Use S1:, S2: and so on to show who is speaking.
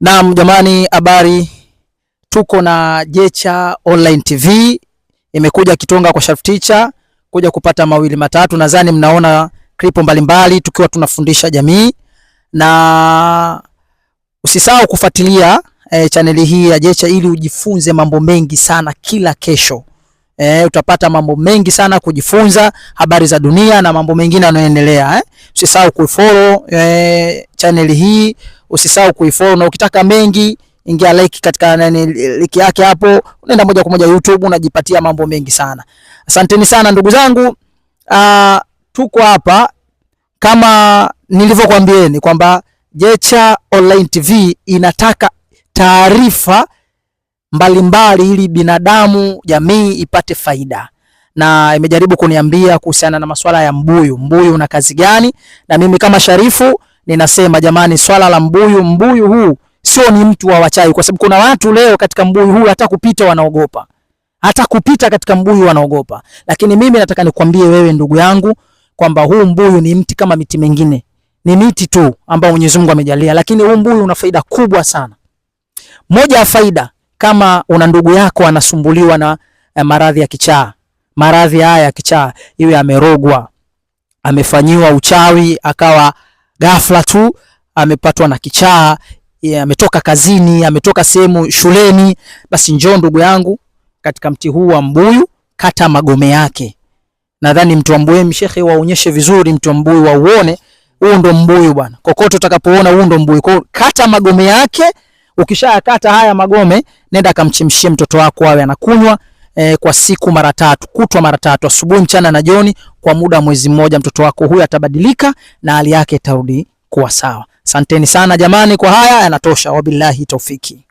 S1: Naam, jamani, habari. Tuko na Jecha Online TV imekuja Kitonga kwa Sharp Teacher kuja kupata mawili matatu. Nadhani mnaona klipo mbalimbali tukiwa tunafundisha jamii, na usisahau kufuatilia e, eh, chaneli hii ya Jecha ili ujifunze mambo mengi sana kila kesho. E, utapata mambo mengi sana kujifunza, habari za dunia na mambo mengine yanayoendelea eh. Usisahau kufollow e, eh, chaneli hii usisahau kuifollow, na ukitaka mengi ingia like katika nani like yake hapo, unaenda moja kwa moja YouTube unajipatia mambo mengi sana. Asanteni sana ndugu zangu. Uh, tuko hapa kama nilivyokuambieni kwamba Jecha Online TV inataka taarifa mbalimbali ili binadamu, jamii ipate faida, na imejaribu kuniambia kuhusiana na masuala ya mbuyu. Mbuyu una kazi gani? Na mimi kama Sharifu ninasema jamani, swala la mbuyu, mbuyu huu sio ni mtu wa wachawi, kwa sababu kuna watu leo katika mbuyu huu hata kupita wanaogopa, hata kupita katika mbuyu wanaogopa. Lakini mimi nataka nikwambie wewe ndugu yangu kwamba huu mbuyu ni mti kama miti mingine, ni miti tu ambao Mwenyezi Mungu amejalia, lakini huu mbuyu una faida kubwa sana. Moja ya faida, kama una ndugu yako anasumbuliwa na eh, maradhi ya kichaa, maradhi haya ya kichaa, iwe amerogwa, amefanyiwa uchawi, akawa ghafla tu amepatwa na kichaa, ametoka kazini, ametoka sehemu shuleni, basi njoo ndugu yangu katika mti huu wa mbuyu, kata magome yake. Nadhani mti wa mbuyu, mshekhe, waonyeshe vizuri mti wa mbuyu, wauone huu ndo mbuyu bwana, kokote utakapoona huu ndo mbuyu. Kwa kata magome yake, ukishayakata haya magome, nenda kamchemshie mtoto wako awe anakunywa eh, kwa siku mara tatu kutwa mara tatu, asubuhi, mchana na jioni, kwa muda wa mwezi mmoja. Mtoto wako huyu atabadilika na hali yake itarudi kuwa sawa. Asanteni sana jamani, kwa haya yanatosha. Wabillahi taufiki.